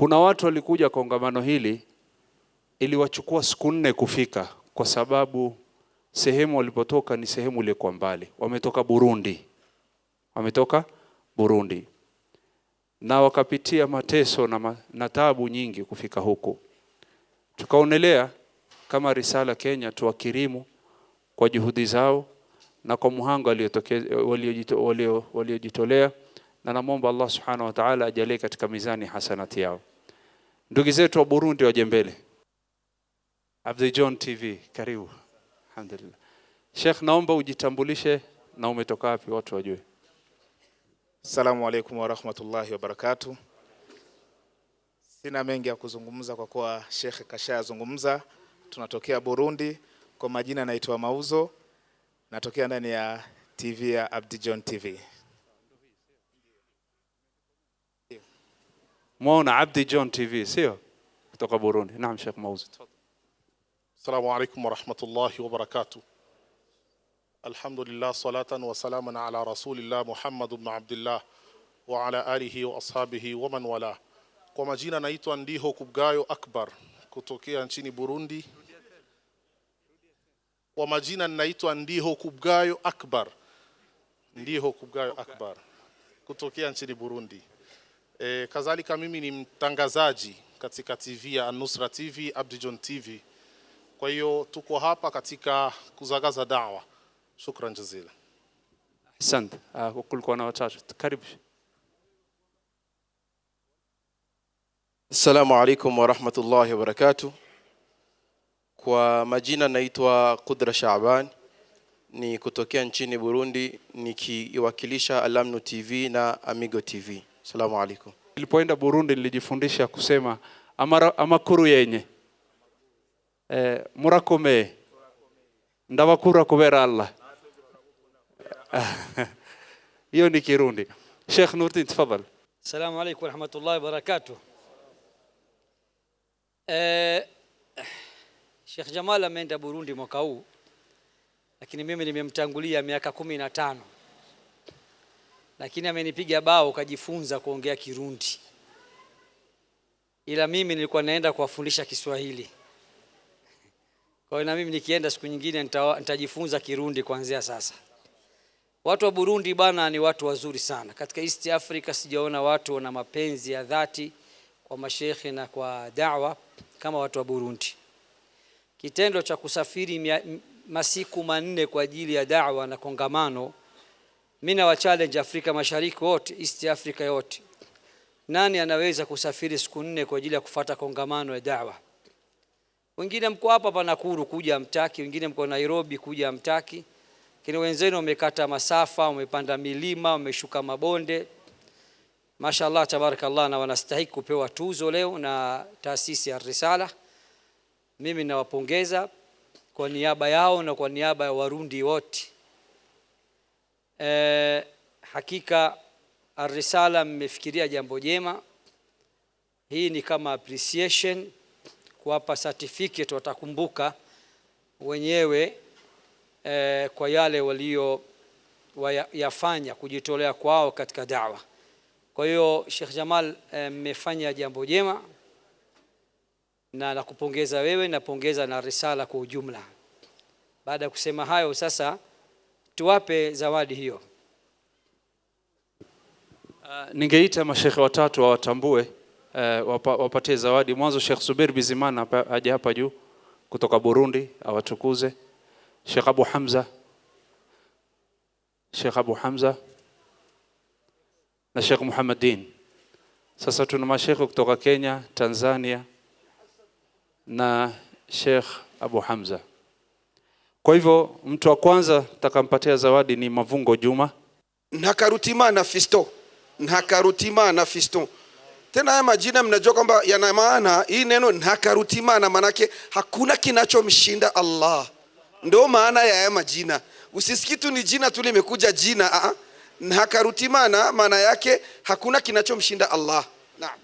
Kuna watu walikuja kongamano hili, iliwachukua siku nne kufika kwa sababu sehemu walipotoka ni sehemu iliyokuwa mbali. Wametoka Burundi, wametoka Burundi na wakapitia mateso na, ma, tabu nyingi kufika huku. Tukaonelea kama Risala Kenya tuwakirimu kwa juhudi zao na kwa muhanga waliojitolea, na namwomba Allah subhanahu wa ta'ala ajalie katika mizani hasanati yao. Ndugu zetu wa Burundi waje mbele. John TV, karibu. Alhamdulillah. Sheikh, naomba ujitambulishe na umetoka wapi watu wajue. Assalamu alaikum warahmatullahi wabarakatu Sina mengi ya kuzungumza kwa kuwa Sheikh kashayazungumza. Tunatokea Burundi, kwa majina naitwa Mauzo, natokea ndani ya TV ya Abdijon TV. Mwaona Abdi John TV sio? Kutoka Burundi. Naam, Sheikh Mauzi. Assalamu alaykum wa rahmatullahi wa barakatuh. Alhamdulillah salatan wa salaman ala rasulillah Muhammad ibn Abdullah wa ala alihi wa ashabihi wa man wala. Kwa majina naitwa Ndiho Kubgayo Akbar kutokea nchini Burundi. Kwa majina naitwa Ndiho Kubgayo Akbar. Ndiho Kubgayo Akbar kutokea nchini Burundi. E, kadhalika mimi ni mtangazaji katika TV ya Nusra TV, Abdijon TV. Kwa hiyo tuko hapa katika kuzagaza dawa. Shukran jazila. Asante. Ah, kulikuwa na wachache. Karibu. Assalamu alaikum warahmatullahi wabarakatuh. Kwa majina naitwa Qudra Shaaban ni kutokea nchini Burundi nikiwakilisha Alamnu TV na Amigo TV. Salamu alaikum. Nilipoenda Burundi nilijifundisha kusema amara, amakuru yenye eh, murakome ndabakura kubera Allah. hiyo ni Kirundi. Sheikh Nurdin, tafadhali. Salamu alaykum warahmatullahi wabarakatuh. Eh, Sheikh Jamal ameenda Burundi mwaka huu, lakini mimi nimemtangulia miaka kumi na tano lakini amenipiga bao ukajifunza kuongea Kirundi, ila mimi nilikuwa naenda kuwafundisha Kiswahili. Kwa hiyo na mimi nikienda siku nyingine nitajifunza Kirundi kuanzia sasa. Watu wa Burundi bana, ni watu wazuri sana. Katika East Africa sijaona watu wana mapenzi ya dhati kwa mashekhe na kwa dawa kama watu wa Burundi. Kitendo cha kusafiri masiku manne kwa ajili ya dawa na kongamano mimi na challenge Afrika Mashariki wote, East Africa yote, nani anaweza kusafiri siku nne kwa ajili ya kufata kongamano ya dawa? Wengine mko hapa pa Nakuru kuja mtaki, wengine mko Nairobi kuja mtaki, lakini wenzenu wamekata masafa, wamepanda milima, wameshuka mabonde, mashallah tabarakallah, na wanastahiki kupewa tuzo leo na taasisi ya Risala. Mimi nawapongeza kwa niaba yao na kwa niaba ya Warundi wote. E, hakika Arrisala mmefikiria jambo jema. Hii ni kama appreciation, kuwapa certificate, watakumbuka wenyewe e, kwa yale walio wayafanya kujitolea kwao katika dawa. Kwa hiyo Sheikh Jamal eh, mmefanya jambo jema na nakupongeza wewe, napongeza na Risala kwa ujumla. Baada ya kusema hayo sasa tuwape zawadi hiyo. Uh, ningeita mashekhe watatu wawatambue, uh, wapa, wapatie zawadi. Mwanzo Sheikh Subir Bizimana aje hapa juu kutoka Burundi awatukuze. Sheikh Abu Hamza, Sheikh Abu Hamza na Sheikh Muhammadin. Sasa tuna mashekhe kutoka Kenya, Tanzania na Sheikh Abu Hamza. Kwa hivyo mtu wa kwanza takampatia zawadi ni Mavungo Juma nakarutimana Fiston. nakarutimana fisto Tena haya majina mnajua kwamba yana maana. Hii neno nakarutimana manake hakuna kinachomshinda Allah, ndio maana ya haya majina. Usisikie tu ni jina tu limekuja jina. Ah, ah. nakarutimana maana yake hakuna kinachomshinda Allah. Naam.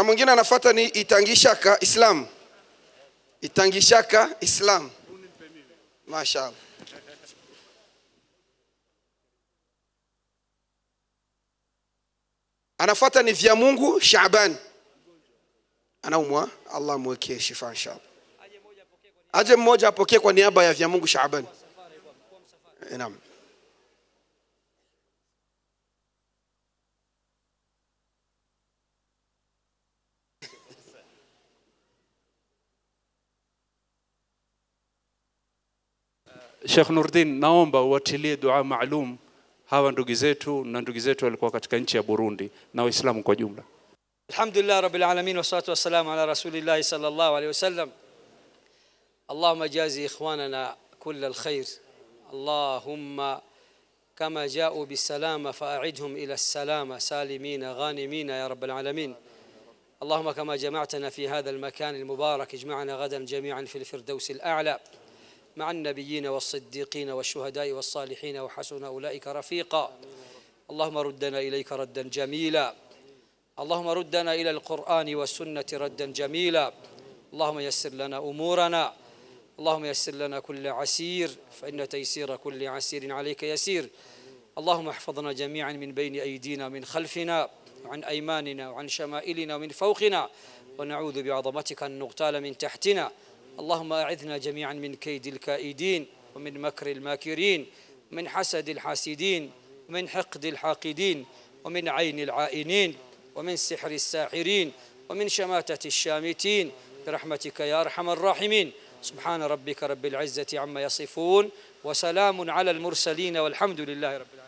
na mwingine anafuata ni itangishaka Islam, itangishaka Islam. Mashaallah. Anafuata ni vya Mungu Shaaban, anaumwa, Allah amwekee shifa inshallah. Aje mmoja apokee kwa niaba ya vya Mungu Shaaban. Eh, naam. Sheikh Nurdin, naomba uwatilie dua maalum hawa ndugu zetu na ndugu zetu walikuwa katika nchi ya Burundi na Waislamu kwa jumla. Alhamdulillah rabbil alamin wassalatu wassalamu ala rasulillahi sallallahu alayhi wasallam. Allahumma jazi ikhwanana kulla alkhair. Allahumma kama jau bisalama fa'idhum ila salama salimina ghanimina ya rabbil alamin. Allahumma kama jama'tana fi hadha almakan almubarak ijma'na ghadan jami'an fil firdaus al'a. مع النبيين والصديقين والشهداء والصالحين وحسن أولئك رفيقا اللهم ردنا إليك ردا جميلا اللهم ردنا إلى القرآن والسنة ردا جميلا اللهم يسر لنا أمورنا اللهم يسر لنا كل عسير فإن تيسير كل عسير عليك يسير اللهم احفظنا جميعا من بين أيدينا من خلفنا وعن أيماننا وعن شمائلنا ومن فوقنا ونعوذ بعظمتك أن نغتال من تحتنا اللهم أعذنا جميعا من كيد الكائدين ومن مكر الماكرين من حسد الحاسدين ومن حقد الحاقدين ومن عين العائنين ومن سحر الساحرين ومن شماتة الشامتين برحمتك يا أرحم الراحمين سبحان ربك رب العزة عما يصفون وسلام على المرسلين والحمد لله رب العالمين